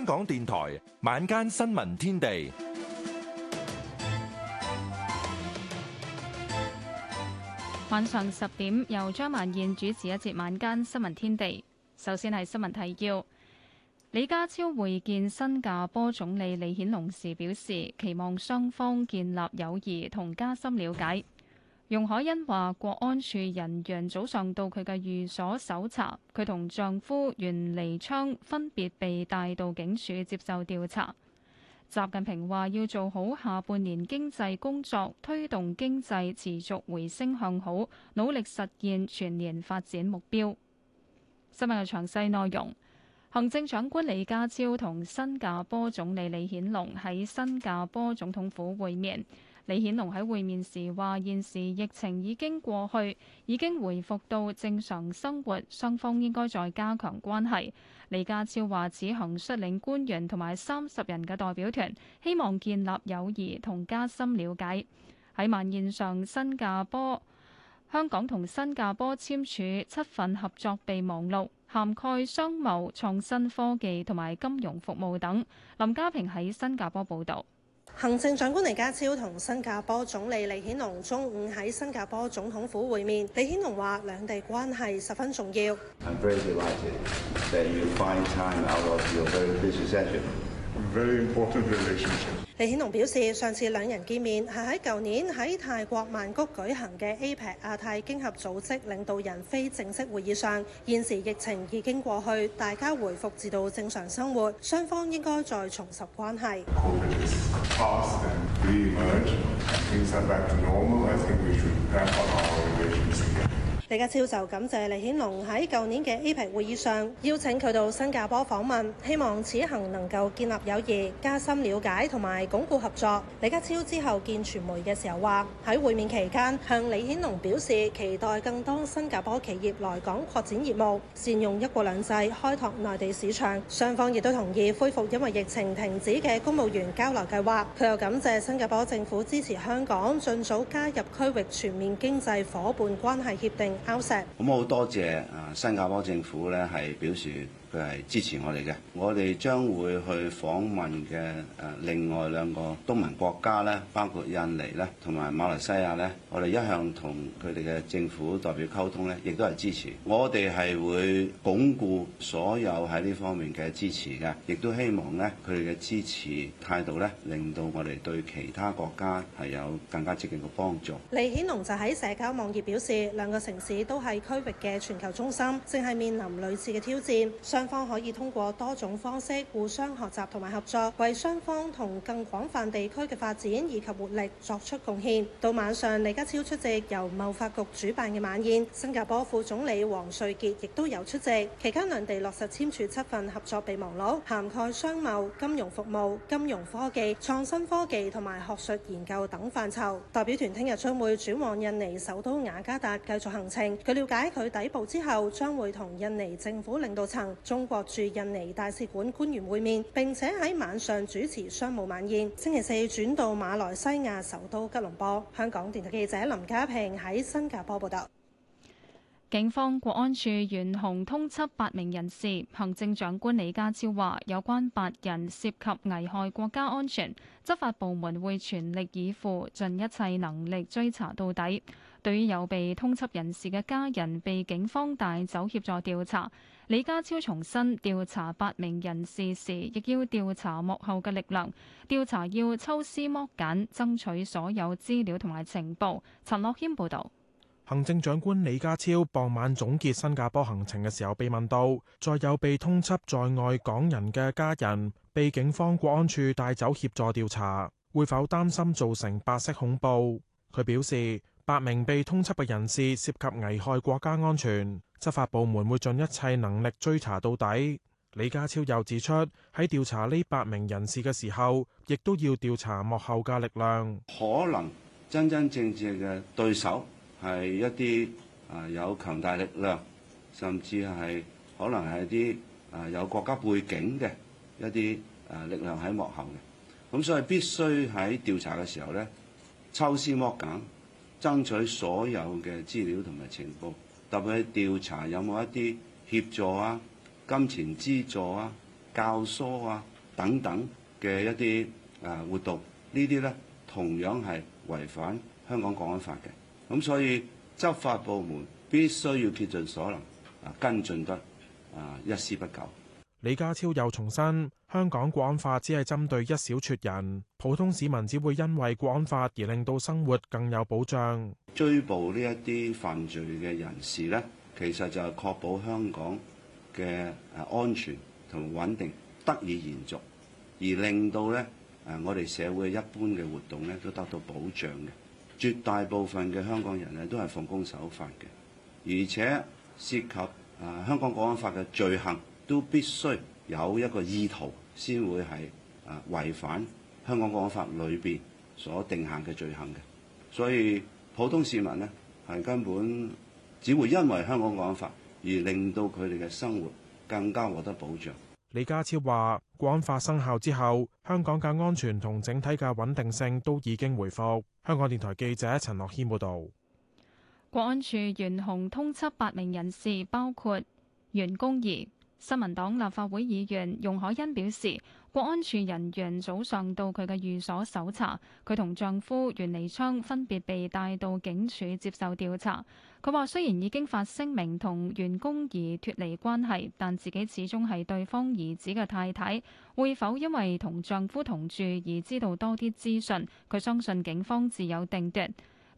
香港電台晚間新聞天地，晚上十點由張曼燕主持一節晚間新聞天地。首先係新聞提要：李家超會見新加坡總理李顯龍時，表示期望雙方建立友誼同加深了解。容海恩話：國安處人員早上到佢嘅寓所搜查，佢同丈夫袁離昌分別被帶到警署接受調查。習近平話：要做好下半年經濟工作，推動經濟持續回升向好，努力實現全年發展目標。新聞嘅詳細內容，行政長官李家超同新加坡總理李顯龍喺新加坡總統府會面。李顯龍喺會面時話：現時疫情已經過去，已經回復到正常生活，雙方應該再加強關係。李家超話：此行率領官員同埋三十人嘅代表團，希望建立友誼同加深了解。喺晚宴上，新加坡、香港同新加坡簽署七份合作備忘錄，涵蓋商貿、創新科技同埋金融服務等。林家平喺新加坡報道。行政長官李家超同新加坡總理李顯龍中午喺新加坡總統府會面。李顯龍話：兩地關係十分重要。李顯龍表示，上次兩人見面係喺舊年喺泰國曼谷舉行嘅李家超就感謝李顯龍喺舊年嘅 APEC 會議上邀請佢到新加坡訪問，希望此行能夠建立友誼、加深了解同埋鞏固合作。李家超之後見傳媒嘅時候話，喺會面期間向李顯龍表示期待更多新加坡企業來港擴展業務，善用一國兩制開拓內地市場。雙方亦都同意恢復因為疫情停止嘅公務員交流計劃。佢又感謝新加坡政府支持香港盡早加入區域全面經濟夥伴關係協定。好嘅，咁我好多謝啊新加坡政府咧係表示。佢係支持我哋嘅，我哋將會去訪問嘅，誒另外兩個東盟國家咧，包括印尼咧同埋馬來西亞咧，我哋一向同佢哋嘅政府代表溝通咧，亦都係支持。我哋係會鞏固所有喺呢方面嘅支持嘅，亦都希望咧佢哋嘅支持態度咧，令到我哋對其他國家係有更加積極嘅幫助。李顯龍就喺社交網頁表示，兩個城市都係區域嘅全球中心，正係面臨類似嘅挑戰。雙方可以通過多種方式互相學習同埋合作，為雙方同更廣泛地區嘅發展以及活力作出貢獻。到晚上，李家超出席由貿發局主辦嘅晚宴，新加坡副總理王瑞杰亦都有出席。期間兩地落實簽署七份合作備忘錄涵蓋商貿、金融服務、金融科技、創新科技同埋學術研究等範疇，代表團聽日將會轉往印尼首都雅加達繼續行程。據了解佢抵埗之後將會同印尼政府領導層中國駐印尼大使館官員會面，並且喺晚上主持商務晚宴。星期四轉到馬來西亞首都吉隆坡。香港電台記者林家平喺新加坡報道。警方國安處懸紅通緝八名人士，行政長官李家超話，有關八人涉及危害國家安全，執法部門會全力以赴，盡一切能力追查到底。對於有被通緝人士嘅家人被警方帶走協助調查，李家超重申調查八名人士時，亦要調查幕後嘅力量。調查要抽絲剝繭，爭取所有資料同埋情報。陳樂謙報導。行政長官李家超傍晚總結新加坡行程嘅時候，被問到再有被通緝在外港人嘅家人被警方國安處帶走協助調查，會否擔心造成白色恐怖？佢表示。八名被通緝嘅人士涉及危害國家安全，執法部門會盡一切能力追查到底。李家超又指出，喺調查呢八名人士嘅時候，亦都要調查幕後嘅力量，可能真真正正嘅對手係一啲啊有強大力量，甚至係可能係一啲啊有國家背景嘅一啲啊力量喺幕後嘅，咁所以必須喺調查嘅時候咧抽絲剝繭。爭取所有嘅資料同埋情報，特別係調查有冇一啲協助啊、金錢資助啊、教唆啊等等嘅一啲活動，這些呢啲咧同樣係違反香港《國安法》嘅。咁所以執法部門必須要竭盡所能啊，跟進得一絲不苟。李家超又重申，香港國安法只係針對一小撮人，普通市民只會因為國安法而令到生活更有保障。追捕呢一啲犯罪嘅人士咧，其實就係確保香港嘅安全同穩定得以延續，而令到咧誒我哋社會一般嘅活動咧都得到保障嘅。絕大部分嘅香港人咧都係奉公守法嘅，而且涉及誒香港國安法嘅罪行。都必須有一個意圖，先會係啊違反香港《國安法》裏邊所定限嘅罪行嘅。所以普通市民呢，係根本只會因為香港《國安法》而令到佢哋嘅生活更加獲得保障。李家超話：國安法生效之後，香港嘅安全同整體嘅穩定性都已經回復。香港電台記者陳樂軒報導。國安處懸紅通緝八名人士，包括袁弓夷。新民黨立法會議員容海恩表示，國安處人員早上到佢嘅寓所搜查，佢同丈夫袁彌昌分別被帶到警署接受調查。佢話，雖然已經發聲明同袁弓夷脫離關係，但自己始終係對方兒子嘅太太，會否因為同丈夫同住而知道多啲資訊？佢相信警方自有定奪。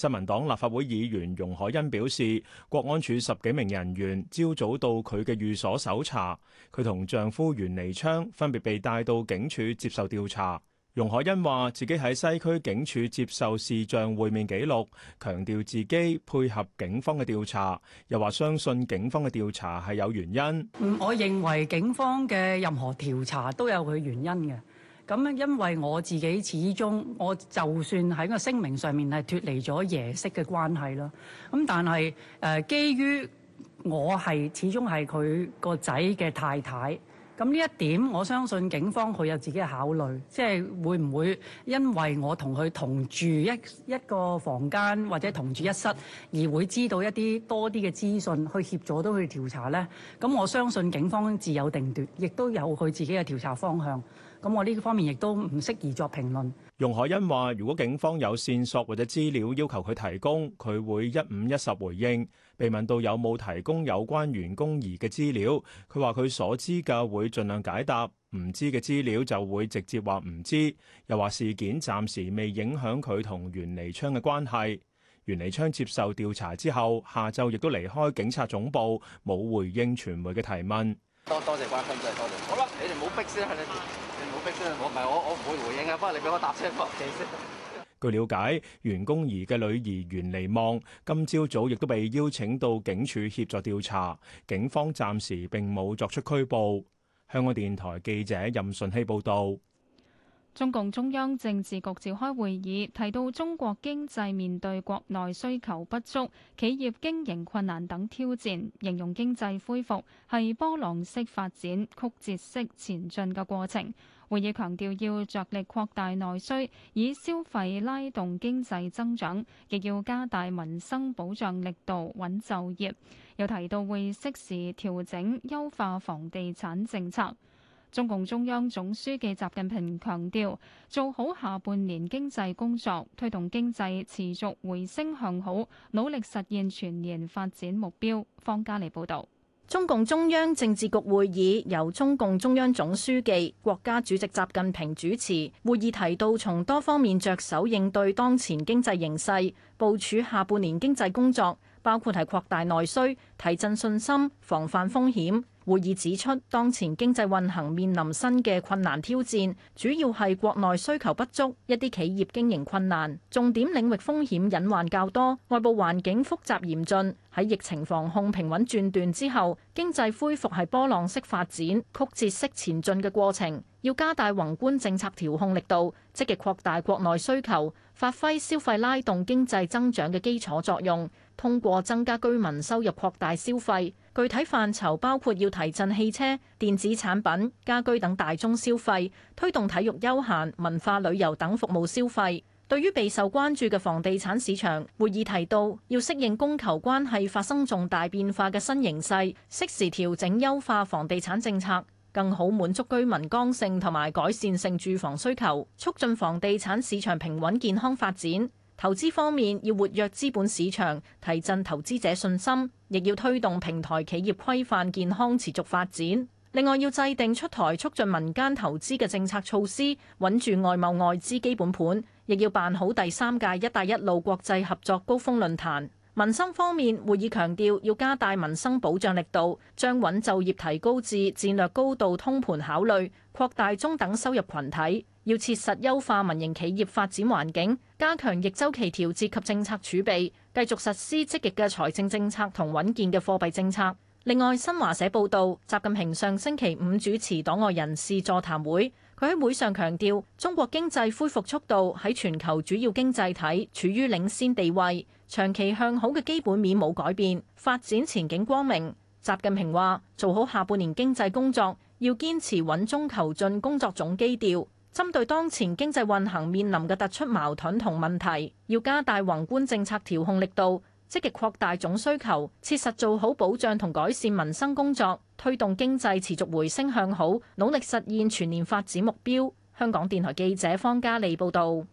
新民黨立法會議員容海恩表示，國安處十幾名人員朝早到佢嘅寓所搜查，佢同丈夫袁彌昌分別被帶到警署接受調查。容海恩話自己喺西區警署接受視像會面記錄，強調自己配合警方嘅調查，又話相信警方嘅調查係有原因。我認為警方嘅任何調查都有佢原因嘅。咁咧，因為我自己始終我就算喺個聲明上面係脫離咗夜色嘅關係囉。咁但係誒、呃，基於我係始終係佢個仔嘅太太，咁呢一點我相信警方佢有自己嘅考慮，即係會唔會因為我同佢同住一一個房間或者同住一室而會知道一啲多啲嘅資訊去協助到去調查呢？咁我相信警方自有定奪，亦都有佢自己嘅調查方向。咁我呢個方面亦都唔適宜作評論。容海恩話，如果警方有線索或者資料要求佢提供，佢會一五一十回應。被問到有冇提供有關袁弓夷嘅資料，佢話佢所知嘅會盡量解答，唔知嘅資料就會直接話唔知。又話事件暫時未影響佢同袁彌昌嘅關係。袁彌昌接受調查之後，下晝亦都離開警察總部，冇回應傳媒嘅提問。多多謝關心，真係多謝。好啦，你哋唔好逼先啦。我唔係我，我唔會回應啊！不過你俾我搭車翻屋企先。據了解，袁公儀嘅女兒袁麗望今朝早，早亦都被邀請到警署協助調查，警方暫時並冇作出拘捕。香港電台記者任順希報導。中共中央政治局召開會議，提到中國經濟面對國內需求不足、企業經營困難等挑戰，形容經濟恢復係波浪式發展、曲折式前進嘅過程。會議強調要着力擴大內需，以消費拉動經濟增長，亦要加大民生保障力度，穩就業。又提到會適時調整優化房地產政策。中共中央總書記習近平強調，做好下半年經濟工作，推動經濟持續回升向好，努力實現全年發展目標。方家莉報導。中共中央政治局會議由中共中央總書記、國家主席習近平主持。會議提到從多方面着手應對當前經濟形勢，部署下半年經濟工作，包括係擴大內需、提振信心、防範風險。會議指出，當前經濟運行面臨新嘅困難挑戰，主要係國內需求不足，一啲企業經營困難，重點領域風險隱患較多，外部環境複雜嚴峻。喺疫情防控平穩轉段之後，經濟恢復係波浪式發展、曲折式前進嘅過程，要加大宏觀政策調控力度，積極擴大國內需求，發揮消費拉動經濟增長嘅基礎作用，通過增加居民收入擴大消費。具體範疇包括要提振汽車、電子產品、家居等大宗消費，推動體育休閒、文化旅遊等服務消費。對於備受關注嘅房地產市場，會議提到要適應供求關係發生重大變化嘅新形勢，適時調整優化房地產政策，更好滿足居民剛性同埋改善性住房需求，促進房地產市場平穩健康發展。投資方面要活躍資本市場，提振投資者信心，亦要推動平台企業規範健康持續發展。另外要制定出台促進民間投資嘅政策措施，穩住外貿外資基本盤，亦要辦好第三屆「一帶一路」國際合作高峰論壇。民生方面會議強調要加大民生保障力度，將穩就業提高至戰略高度通盤考慮，擴大中等收入群體。要切實優化民營企業發展環境，加強逆周期調節及政策儲備，繼續實施積極嘅財政政策同穩健嘅貨幣政策。另外，新華社報道，習近平上星期五主持黨外人士座談會，佢喺會上強調，中國經濟恢復速度喺全球主要經濟體處於領先地位，長期向好嘅基本面冇改變，發展前景光明。習近平話，做好下半年經濟工作，要堅持穩中求進工作總基調。針對當前經濟運行面臨嘅突出矛盾同問題，要加大宏觀政策調控力度，積極擴大總需求，切實做好保障同改善民生工作，推動經濟持續回升向好，努力實現全年發展目標。香港電台記者方嘉利報導。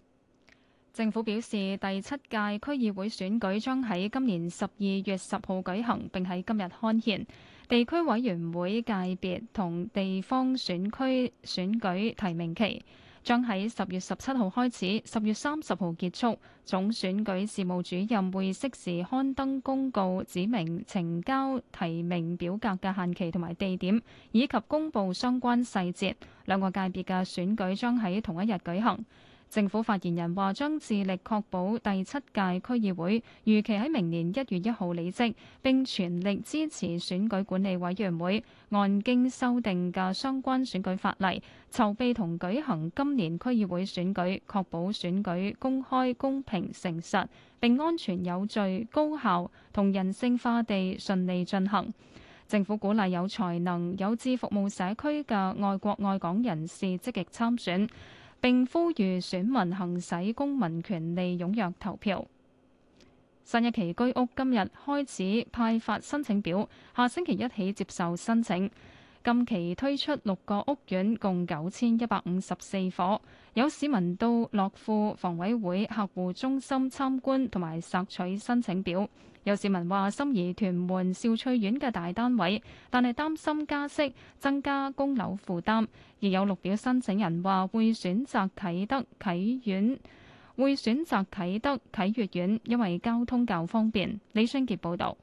政府表示，第七屆區議會選舉將喺今年十二月十號舉行，並喺今日刊憲。地區委員會界別同地方選區選舉提名期將喺十月十七號開始，十月三十號結束。總選舉事務主任會適時刊登公告，指明呈交提名表格嘅限期同埋地點，以及公佈相關細節。兩個界別嘅選舉將喺同一日舉行。政府發言人話：將致力確保第七屆區議會預期喺明年一月一號離職，並全力支持選舉管理委員會按經修訂嘅相關選舉法例籌備同舉行今年區議會選舉，確保選舉公開、公平、誠實、並安全、有序、高效同人性化地順利進行。政府鼓勵有才能、有志服務社區嘅愛國愛港人士積極參選。並呼籲選民行使公民權利，踴躍投票。新一期居屋今日開始派發申請表，下星期一起接受申請。近期推出六個屋苑，共九千一百五十四伙，有市民到樂富房委會客戶中心參觀同埋索取申請表。有市民話心儀屯門兆翠苑嘅大單位，但係擔心加息增加供樓負擔，亦有綠表申請人話會選擇啟德啟苑，會選擇啟德啟悅苑，因為交通較方便。李雙杰報道。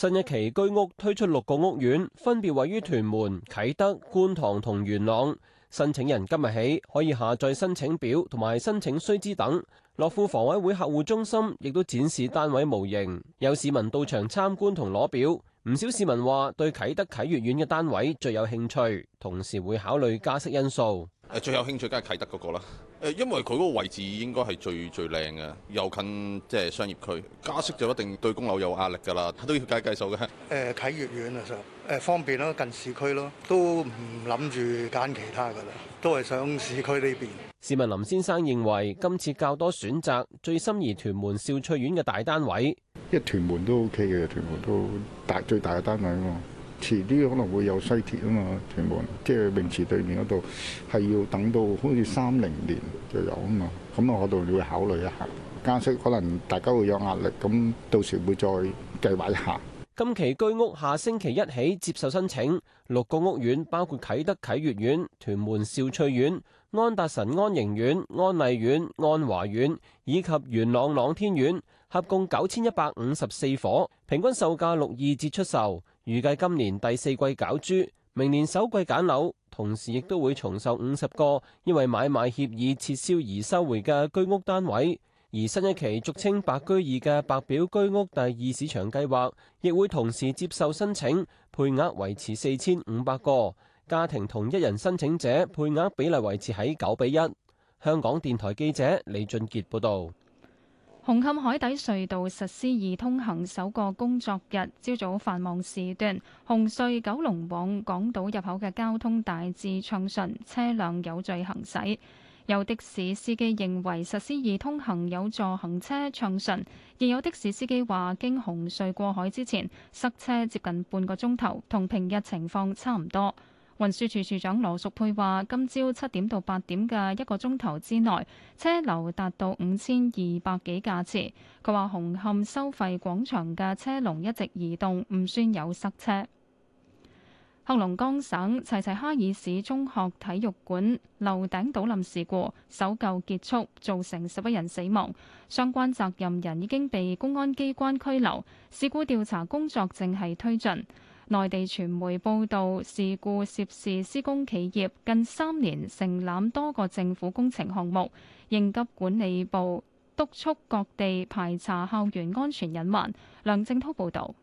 新一期居屋推出六個屋苑，分別位於屯門、啟德、觀塘同元朗。申請人今日起可以下載申請表同埋申請須知等。樂富房委會客戶中心亦都展示單位模型，有市民到場參觀同攞表。唔少市民話對啟德啟悅苑嘅單位最有興趣，同時會考慮加息因素。最有興趣梗係啟德嗰個啦。誒，因為佢嗰個位置應該係最最靚嘅，又近即係、就是、商業區，加息就一定對供樓有壓力㗎啦，都要計計數嘅。誒、呃，啟悅苑啊，實、呃、方便咯，近市區咯，都唔諗住揀其他㗎啦，都係想市區呢邊。市民林先生認為今次較多選擇，最心儀屯門兆翠苑嘅大單位，因為屯門都 O K 嘅，屯門都大最大嘅單位啊嘛。遲啲可能會有西鐵啊嘛，屯門即係泳池對面嗰度係要等到好似三零年就有啊嘛。咁我度你會考慮一下加息，可能大家會有壓力，咁到時會再計劃一下。今期居屋下星期一起接受申請，六個屋苑包括啟德啟悦苑、屯門兆翠苑、安達臣安盈苑、安麗苑、安華苑以及元朗朗天苑，合共九千一百五十四伙，平均售價六二折出售。預計今年第四季攪珠，明年首季揀樓，同時亦都會重售五十個因為買賣協議撤銷而收回嘅居屋單位。而新一期俗稱白居二嘅白表居屋第二市場計劃，亦會同時接受申請，配額維持四千五百個家庭同一人申請者配額比例維持喺九比一。香港電台記者李俊傑報道。紅磡海底隧道實施易通行首個工作日，朝早繁忙時段，紅隧九龍往港島入口嘅交通大致暢順，車輛有序行駛。有的士司機認為實施易通行有助行車暢順，而有的士司機話，經紅隧過海之前塞車接近半個鐘頭，同平日情況差唔多。運輸署署長羅淑佩話：今朝七點到八點嘅一個鐘頭之內，車流達到五千二百幾架次。佢話紅磡收費廣場嘅車龍一直移動，唔算有塞車。黑龍江省齊齊哈爾市中學體育館樓頂倒冧事故搜救結束，造成十一人死亡，相關責任人已經被公安機關拘留，事故調查工作正係推進。內地傳媒報道，事故涉事施工企業近三年承攬多個政府工程項目。應急管理部督促各地排查校園安全隱患。梁正濤報道，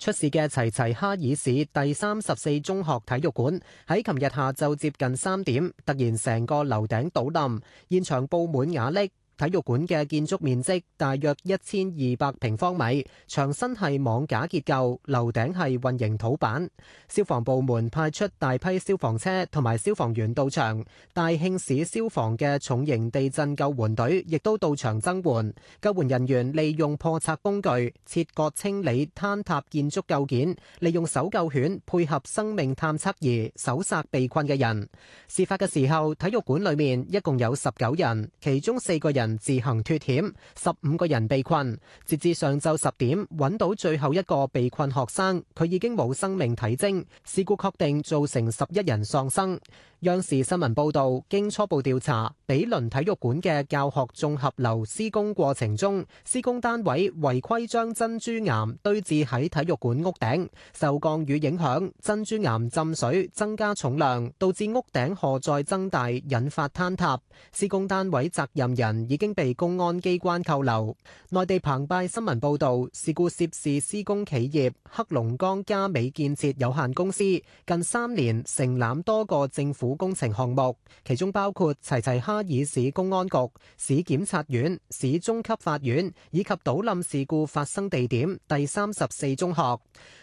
出事嘅齊齊哈爾市第三十四中學體育館喺琴日下晝接近三點，突然成個樓頂倒冧，現場佈滿瓦礫。體育館嘅建築面積大約一千二百平方米，牆身係網架結構，樓頂係混凝土板。消防部門派出大批消防車同埋消防員到場，大慶市消防嘅重型地震救援隊亦都到場增援。救援人員利用破拆工具切割清理坍塌建築構件，利用搜救犬配合生命探測儀搜尋被困嘅人。事發嘅時候，體育館裏面一共有十九人，其中四個人。自行脫險，十五個人被困。截至上晝十點，揾到最後一個被困學生，佢已經冇生命體徵。事故確定造成十一人喪生。央視新聞報道，經初步調查，比鄰體育館嘅教學綜合樓施工過程中，施工單位違規將珍珠岩堆置喺體育館屋頂，受降雨影響，珍珠岩浸水增加重量，導致屋頂荷載增大，引發坍塌。施工單位責任人已經被公安機關扣留。內地澎湃新聞報道，事故涉事施工企業黑龍江嘉美建設有限公司近三年承攬多個政府工程項目，其中包括齊齊哈爾市公安局、市檢察院、市中級法院以及倒冧事故發生地點第三十四中學。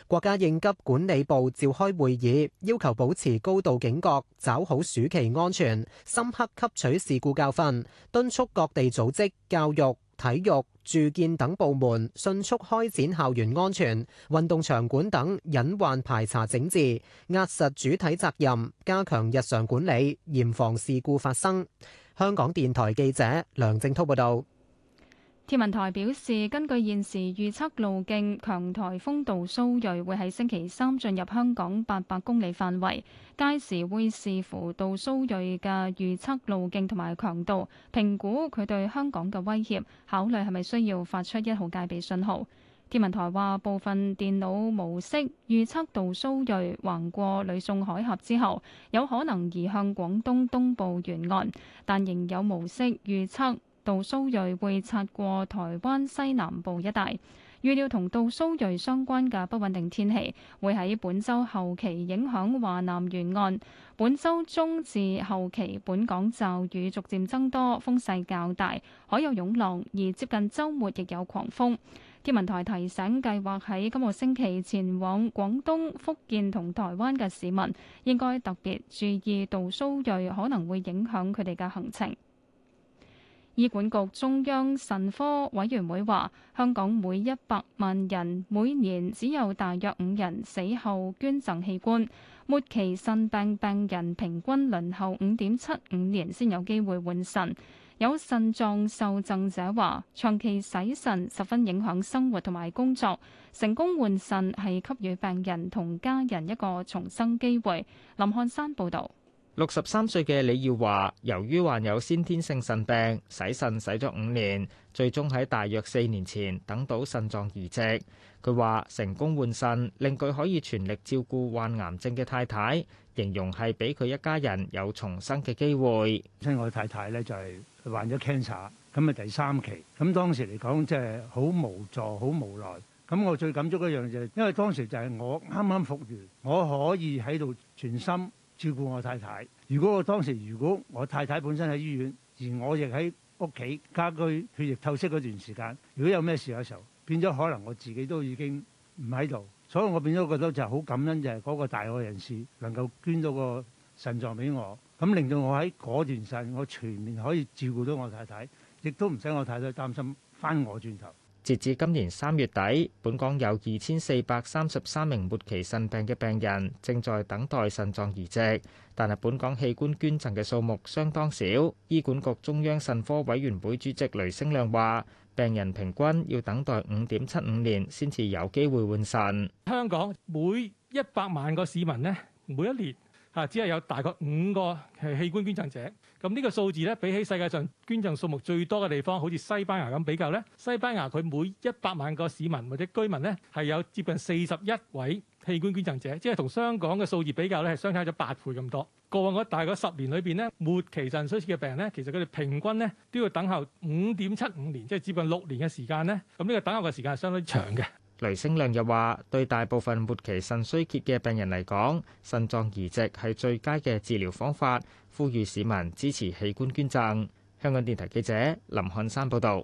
國家應急管理部召開會議，要求保持高度警覺，抓好暑期安全，深刻吸取事故教訓，敦促各地組織教育、體育、住建等部門迅速開展校園安全、運動場館等隱患排查整治，壓實主體責任，加強日常管理，嚴防事故發生。香港電台記者梁正滔報道。天文台表示，根據現時預測路徑，強颱風杜蘇芮會喺星期三進入香港八百公里範圍，屆時會視乎杜蘇芮嘅預測路徑同埋強度，評估佢對香港嘅威脅，考慮係咪需要發出一號戒備信號。天文台話，部分電腦模式預測杜蘇芮橫過呂宋海峽之後，有可能移向廣東東部沿岸，但仍有模式預測。杜蘇芮會擦過台灣西南部一帶，預料同杜蘇芮相關嘅不穩定天氣會喺本周後期影響華南沿岸。本周中至後期本港驟雨逐漸增多，風勢較大，海有湧浪，而接近周末亦有狂風。天文台提醒，計劃喺今個星期前往廣東、福建同台灣嘅市民，應該特別注意杜蘇芮可能會影響佢哋嘅行程。醫管局中央腎科委員會話：香港每一百萬人每年只有大約五人死後捐贈器官。末期腎病病人平均輪候五點七五年先有機會換腎。有腎臟受贈者話：長期洗腎十分影響生活同埋工作。成功換腎係給予病人同家人一個重生機會。林漢山報導。六十三歲嘅李耀華，由於患有先天性腎病，洗腎洗咗五年，最終喺大約四年前等到腎臟移植。佢話成功換腎，令佢可以全力照顧患癌症嘅太太，形容係俾佢一家人有重生嘅機會。親我太太咧就係患咗 cancer，咁啊第三期，咁當時嚟講即係好無助、好無奈。咁我最感觸一樣嘢，就是，因為當時就係我啱啱復原，我可以喺度全心照顧我太太。如果我當時，如果我太太本身喺醫院，而我亦喺屋企家居血液透析嗰段時間，如果有咩事嘅時候，變咗可能我自己都已經唔喺度，所以我變咗覺得就好感恩，就係嗰個大愛人士能夠捐咗個腎臟俾我，咁令到我喺嗰段時間我全面可以照顧到我太太，亦都唔使我太太擔心。翻我轉頭。截至今年三月底，本港有二千四百三十三名末期腎病嘅病人正在等待腎臟移植，但係本港器官捐贈嘅數目相當少。醫管局中央腎科委員會主席雷聲亮話，病人平均要等待五點七五年先至有機會換腎，香港每一百萬個市民呢，每一年嚇只係有大概五個器官捐贈者。咁呢個數字咧，比起世界上捐贈數目最多嘅地方，好似西班牙咁比較咧，西班牙佢每一百萬個市民或者居民咧，係有接近四十一位器官捐贈者，即係同香港嘅數字比較咧，係相差咗八倍咁多。過往嗰大概十年裏邊咧，末期腎衰竭嘅病人咧，其實佢哋平均咧都要等候五點七五年，即係接近六年嘅時間咧，咁呢個等候嘅時間係相當長嘅。雷聲亮又話，對大部分末期腎衰竭嘅病人嚟講，腎臟移植係最佳嘅治療方法。呼籲市民支持器官捐贈。香港電台記者林漢山報道。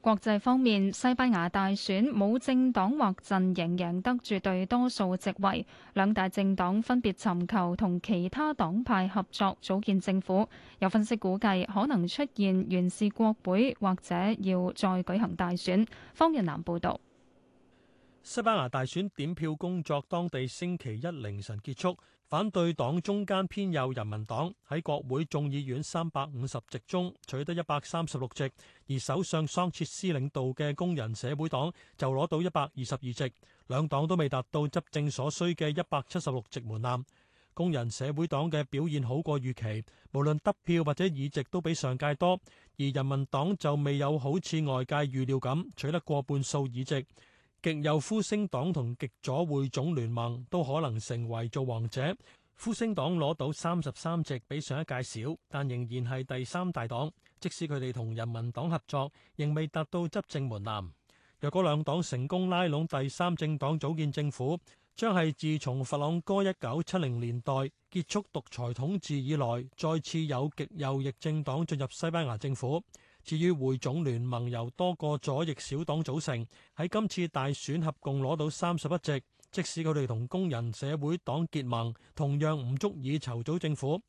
國際方面，西班牙大選冇政黨或陣營贏得絕對多數席位，兩大政黨分別尋求同其他黨派合作組建政府。有分析估計可能出現懸峙國會，或者要再舉行大選。方日南報道。西班牙大選點票工作，當地星期一凌晨結束。反對黨中間偏右人民黨喺國會眾議院三百五十席中取得一百三十六席，而首相桑切斯領導嘅工人社會黨就攞到一百二十二席，兩黨都未達到執政所需嘅一百七十六席門檻。工人社會黨嘅表現好過預期，無論得票或者議席都比上屆多，而人民黨就未有好似外界預料咁取得過半數議席。極右呼聲黨同極左匯總聯盟都可能成為造王者。呼聲黨攞到三十三席，比上一屆少，但仍然係第三大黨。即使佢哋同人民黨合作，仍未達到執政門檻。若果兩黨成功拉攏第三政黨組建政府，將係自從佛朗哥一九七零年代結束獨裁統治以來，再次有極右翼政黨進入西班牙政府。至於匯總聯盟由多個左翼小黨組成，喺今次大選合共攞到三十一席，即使佢哋同工人社會黨結盟，同樣唔足以籌組政府。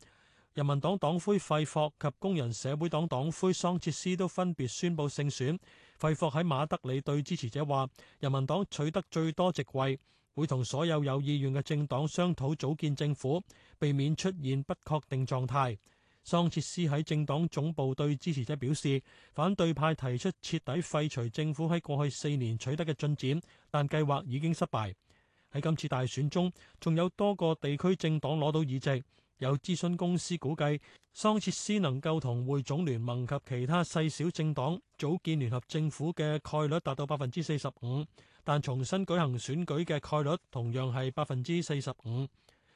人民黨黨魁費霍及工人社會黨黨魁桑切斯都分別宣布勝選。費霍喺馬德里對支持者話：「人民黨取得最多席位，會同所有有意願嘅政黨商討組建政府，避免出現不確定狀態。」桑切斯喺政黨總部對支持者表示，反對派提出徹底廢除政府喺過去四年取得嘅進展，但計劃已經失敗。喺今次大選中，仲有多個地區政黨攞到議席。有諮詢公司估計，桑切斯能夠同匯總聯盟及其他細小政黨組建聯合政府嘅概率達到百分之四十五，但重新舉行選舉嘅概率同樣係百分之四十五。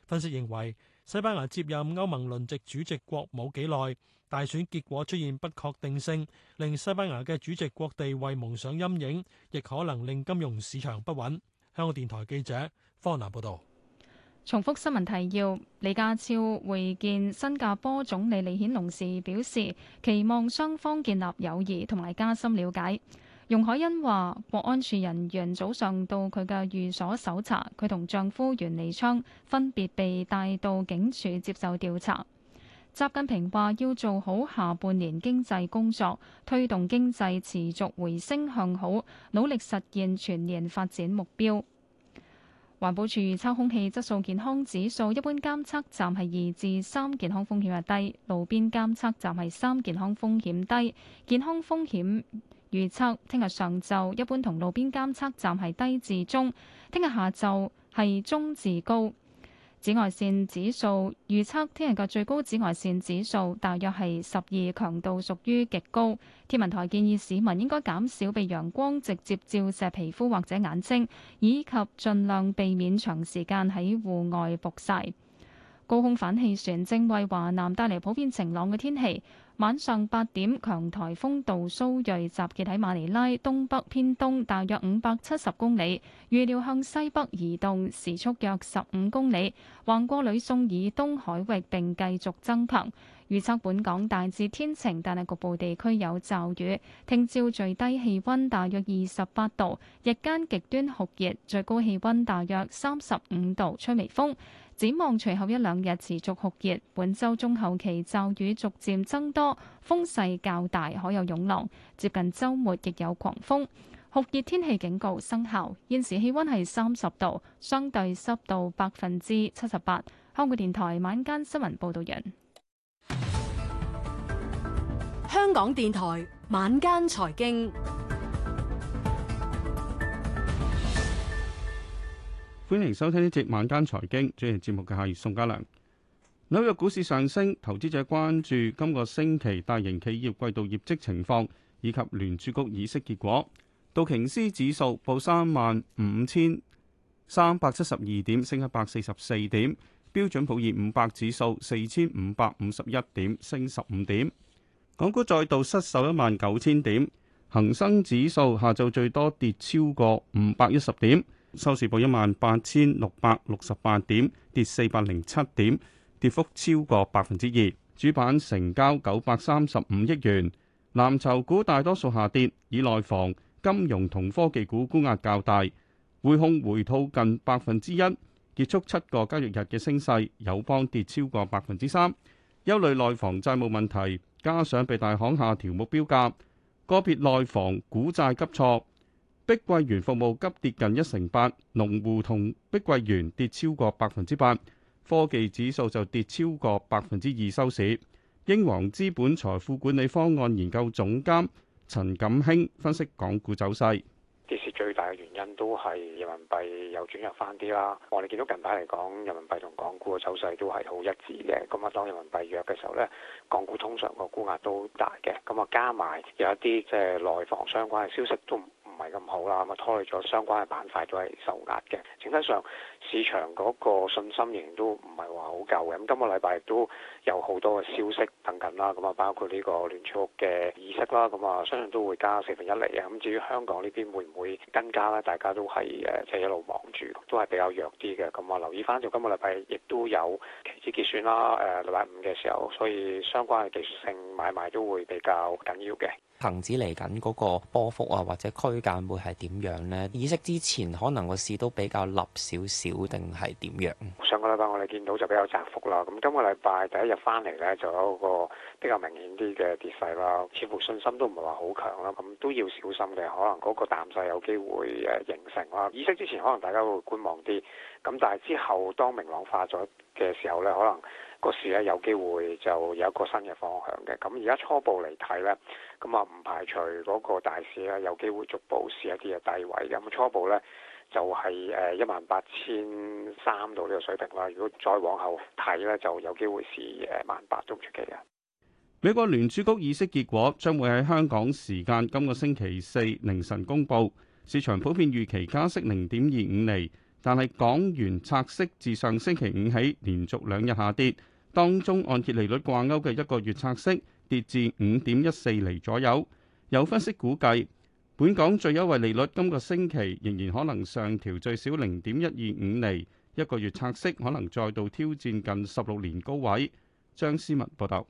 分析認為，西班牙接任歐盟輪值主席國冇幾耐，大選結果出現不確定性，令西班牙嘅主席國地位蒙上陰影，亦可能令金融市場不穩。香港電台記者方南報道。重複新聞提要：李家超會見新加坡總理李顯龍時表示，期望雙方建立友誼同埋加深了解。容海恩話，國安處人員早上到佢嘅寓所搜查，佢同丈夫袁彌昌分別被帶到警署接受調查。習近平話要做好下半年經濟工作，推動經濟持續回升向好，努力實現全年發展目標。環保署預測空氣質素健康指數一般監測站係二至三，健康風險係低，路邊監測站係三，健康風險低，健康風險。預測聽日上晝一般同路邊監測站係低至中，聽日下晝係中至高。紫外線指數預測聽日嘅最高紫外線指數大約係十二，強度屬於極高。天文台建議市民應該減少被陽光直接照射皮膚或者眼睛，以及盡量避免長時間喺戶外曝曬。高空反氣旋正為華南帶嚟普遍晴朗嘅天氣。晚上八點，強颱風杜蘇芮集結喺馬尼拉東北偏東大約五百七十公里，預料向西北移動，時速約十五公里，橫過呂宋以東海域並繼續增強。預測本港大致天晴，但係局部地區有驟雨。聽朝最低氣溫大約二十八度，日間極端酷熱，最高氣溫大約三十五度，吹微風。展望隨後一兩日持續酷熱，本周中後期驟雨逐漸增多，風勢較大，可有湧浪。接近周末亦有狂風。酷熱天氣警告生效，現時氣溫係三十度，相對濕度百分之七十八。香港電台晚間新聞報道完。香港電台晚間財經，歡迎收聽呢節晚間財經，主持節目嘅係宋家良。紐約股市上升，投資者關注今個星期大型企業季度業績情況，以及聯儲局議息結果。道瓊斯指數報三萬五千三百七十二點，升一百四十四點；標準普爾五百指數四千五百五十一點，升十五點。港股再度失守一萬九千點恒生指數下晝最多跌超過五百一十點收市報一萬八千六百六十八點跌四百零七點跌幅超過百分之二。主板成交九百三十五億元，藍籌股大多數下跌，以內房、金融同科技股沽壓較大。匯控回吐近百分之一，結束七個交易日嘅升勢。友邦跌超過百分之三，憂慮內房債務問題。加上被大行下調目標價，個別內房股債急挫，碧桂園服務急跌近一成八，農戶同碧桂園跌超過百分之八，科技指數就跌超過百分之二收市。英皇資本財富管理方案研究總監陳錦興分析港股走勢。亦最大嘅原因，都係人民幣又轉弱返啲啦。我、哦、哋見到近排嚟講，人民幣同港股嘅走勢都係好一致嘅。咁、嗯、啊，當人民幣弱嘅時候呢，港股通常個沽壓都大嘅。咁、嗯、啊，加埋有一啲即係內房相關嘅消息都。唔係咁好啦，咁啊拖累咗相關嘅板塊都係受壓嘅。整體上市場嗰個信心仍然都唔係話好夠嘅。咁今個禮拜亦都有好多嘅消息等緊啦，咁啊包括呢個聯儲局嘅議息啦，咁啊相信都會加四分一釐。啊。咁至於香港呢邊會唔會跟加咧？大家都係誒即係一路望住，都係比較弱啲嘅。咁、嗯、啊留意返就今個禮拜亦都有期指結算啦，誒禮拜五嘅時候，所以相關嘅技術性買賣都會比較緊要嘅。恒指嚟緊嗰個波幅啊，或者區間會係點樣呢？意識之前可能個市都比較立少少，定係點樣？上個禮拜我哋見到就比較窄幅啦。咁今個禮拜第一日翻嚟呢，就有個比較明顯啲嘅跌勢啦。似乎信心都唔係話好強啦，咁都要小心嘅。可能嗰個淡勢有機會誒形成啦。意識之前可能大家會觀望啲，咁但係之後當明朗化咗嘅時候呢，可能。個市咧有機會就有一個新嘅方向嘅，咁而家初步嚟睇呢，咁啊唔排除嗰個大市咧有機會逐步試一啲嘅低位，咁初步呢，就係誒一萬八千三度呢個水平啦。如果再往後睇呢，就有機會試誒萬八都唔出奇啊。美國聯儲局議息結果將會喺香港時間今個星期四凌晨公佈，市場普遍預期加息零點二五厘。但係港元拆息自上星期五起連續兩日下跌。當中按揭利率掛勾嘅一個月拆息跌至五點一四厘左右，有分析估計，本港最優惠利率今個星期仍然可能上調最少零點一二五厘，一個月拆息可能再度挑戰近十六年高位。張思文報道。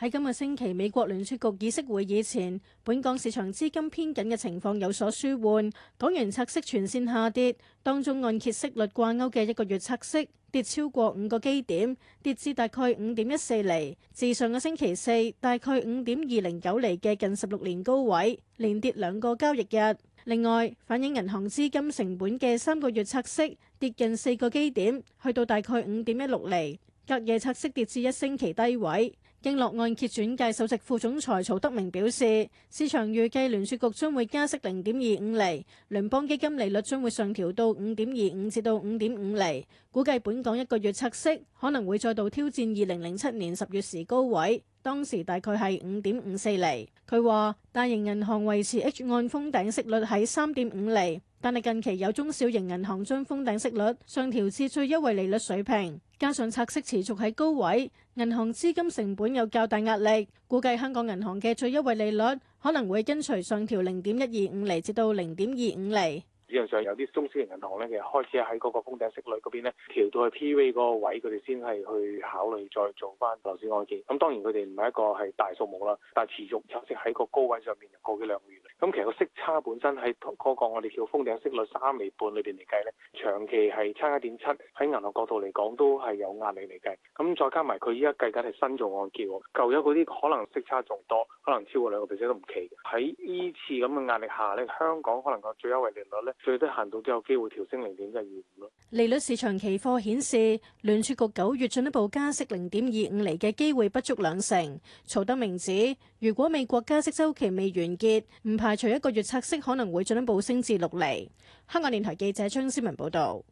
喺今個星期，美國聯儲局議息會議前，本港市場資金偏緊嘅情況有所舒緩，港元拆息全線下跌。當中按揭息率掛鈎嘅一個月拆息跌超過五個基點，跌至大概五點一四厘。自上個星期四大概五點二零九厘嘅近十六年高位，連跌兩個交易日。另外，反映銀行資金成本嘅三個月拆息跌近四個基點，去到大概五點一六厘。隔夜拆息跌至一星期低位。經絡按揭轉介首席副總裁曹德明表示，市場預計聯儲局將會加息零點二五厘，聯邦基金利率將會上調到五點二五至到五點五厘，估計本港一個月拆息可能會再度挑戰二零零七年十月時高位。當時大概係五點五四厘。佢話：大型銀行維持 H 按封頂息率喺三點五厘，但係近期有中小型銀行將封頂息率上調至最優惠利率水平，加上拆息持續喺高位，銀行資金成本有較大壓力。估計香港銀行嘅最優惠利率可能會跟隨上調零點一二五厘至到零點二五厘。市場上有啲中小型銀行咧，其實開始喺嗰個封頂息率嗰邊咧，調到去 PV 嗰個位，佢哋先係去考慮再做翻樓市按揭。咁當然佢哋唔係一個係大數目啦，但係持續休息喺個高位上面個幾兩個月。咁其實個息差本身喺嗰個我哋叫封頂息率三釐半裏邊嚟計咧，長期係差一點七，喺銀行角度嚟講都係有壓力嚟計。咁再加埋佢依家計緊係新做按揭喎，舊有嗰啲可能息差仲多，可能超過兩個 percent 都唔奇嘅。喺呢次咁嘅壓力下咧，香港可能個最優惠利率咧～最低限度都有機會調升零點一二五咯。利率市場期貨顯示，聯儲局九月進一步加息零點二五厘嘅機會不足兩成。曹德明指，如果美國加息週期未完結，唔排除一個月拆息可能會進一步升至六厘。香港電台記者張思文報道。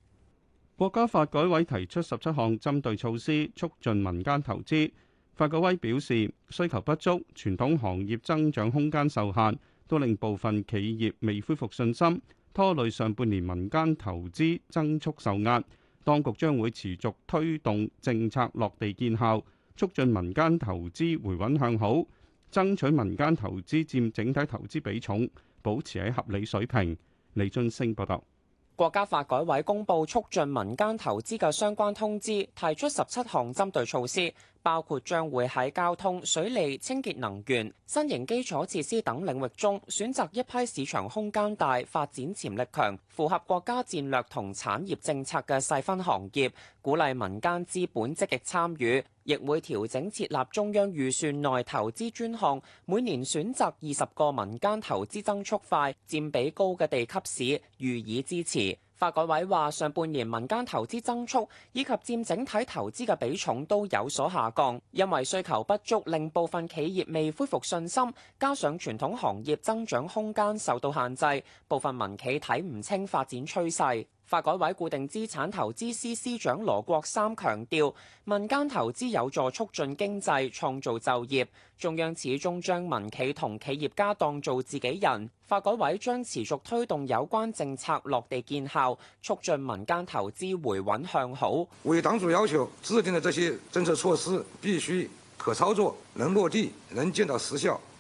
國家發改委提出十七項針對措施促進民間投資。發改委表示，需求不足、傳統行業增長空間受限，都令部分企業未恢復信心。拖累上半年民間投資增速受壓，當局將會持續推動政策落地見效，促進民間投資回穩向好，爭取民間投資佔整體投資比重保持喺合理水平。李俊升報道：國家發改委公布促進民間投資嘅相關通知，提出十七項針對措施。包括將會喺交通、水利、清潔能源、新型基礎設施等領域中，選擇一批市場空間大、發展潛力強、符合國家戰略同產業政策嘅細分行業，鼓勵民間資本積極參與；亦會調整設立中央預算內投資專項，每年選擇二十個民間投資增速快、佔比高嘅地級市，予以支持。發改委話：上半年民間投資增速以及佔整體投資嘅比重都有所下降，因為需求不足，令部分企業未恢復信心，加上傳統行業增長空間受到限制，部分民企睇唔清發展趨勢。發改委固定資產投資司司長羅國三強調，民間投資有助促進經濟創造就業。中央始終將民企同企業家當做自己人。發改委將持續推動有關政策落地見效，促進民間投資回穩向好。為黨組要求制定的這些政策措施必須可操作、能落地、能見到實效。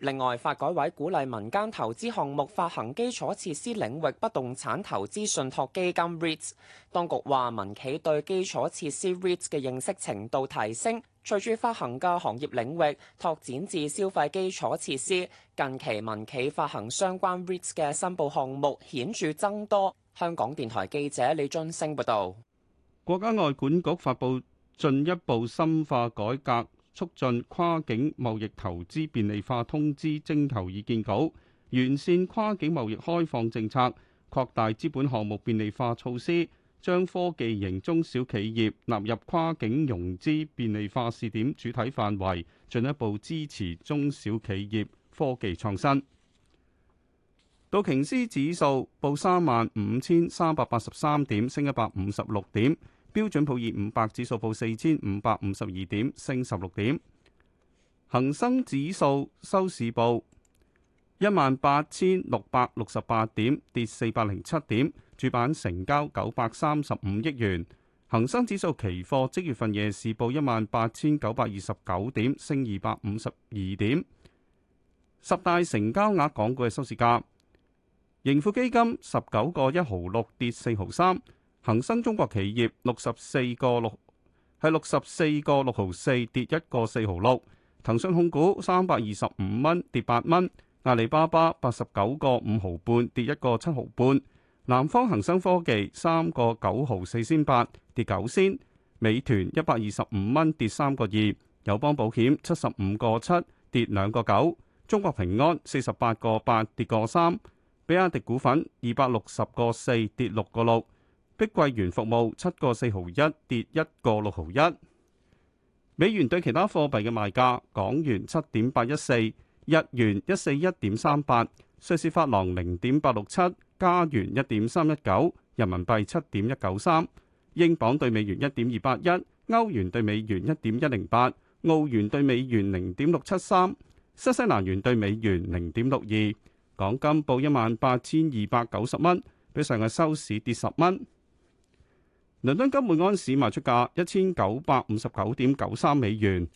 另外，發改委鼓勵民間投資項目發行基礎設施領域不動產投資信託基金 REITs。當局話，民企對基礎設施 REITs 嘅認識程度提升，隨住發行嘅行業領域拓展至消費基礎設施，近期民企發行相關 REITs 嘅申報項目顯著增多。香港電台記者李津升報導。國家外管局發佈進一步深化改革。促進跨境貿易投資便利化通知徵求意見稿，完善跨境貿易開放政策，擴大資本項目便利化措施，將科技型中小企業納入跨境融資便利化試點主體範圍，進一步支持中小企業科技創新。道瓊斯指數報三萬五千三百八十三點，升一百五十六點。標準普爾五百指數報四千五百五十二點，升十六點。恒生指數收市報一萬八千六百六十八點，跌四百零七點。主板成交九百三十五億元。恒生指數期貨即月份夜市報一萬八千九百二十九點，升二百五十二點。十大成交額港股嘅收市價，盈富基金十九個一毫六，跌四毫三。恒生中國企業六十四個六係六十四個六毫四跌一個四毫六。騰訊控股三百二十五蚊跌八蚊。阿里巴巴八十九個五毫半跌一個七毫半。南方恒生科技三個九毫四仙八跌九仙。美團一百二十五蚊跌三個二。友邦保險七十五個七跌兩個九。中國平安四十八個八跌個三。比亞迪股份二百六十個四跌六個六。碧桂園服務七個四毫一，跌一個六毫一。美元對其他貨幣嘅賣價：港元七點八一四，日元一四一點三八，瑞士法郎零點八六七，加元一點三一九，人民幣七點一九三，英鎊對美元一點二八一，歐元對美元一點一零八，澳元對美元零點六七三，新西蘭元對美元零點六二。港金報一萬八千二百九十蚊，比上日收市跌十蚊。倫敦金每安士賣出價一千九百五十九點九三美元，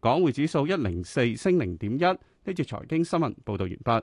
港匯指數一零四升零點一。呢次財經新聞報道完畢。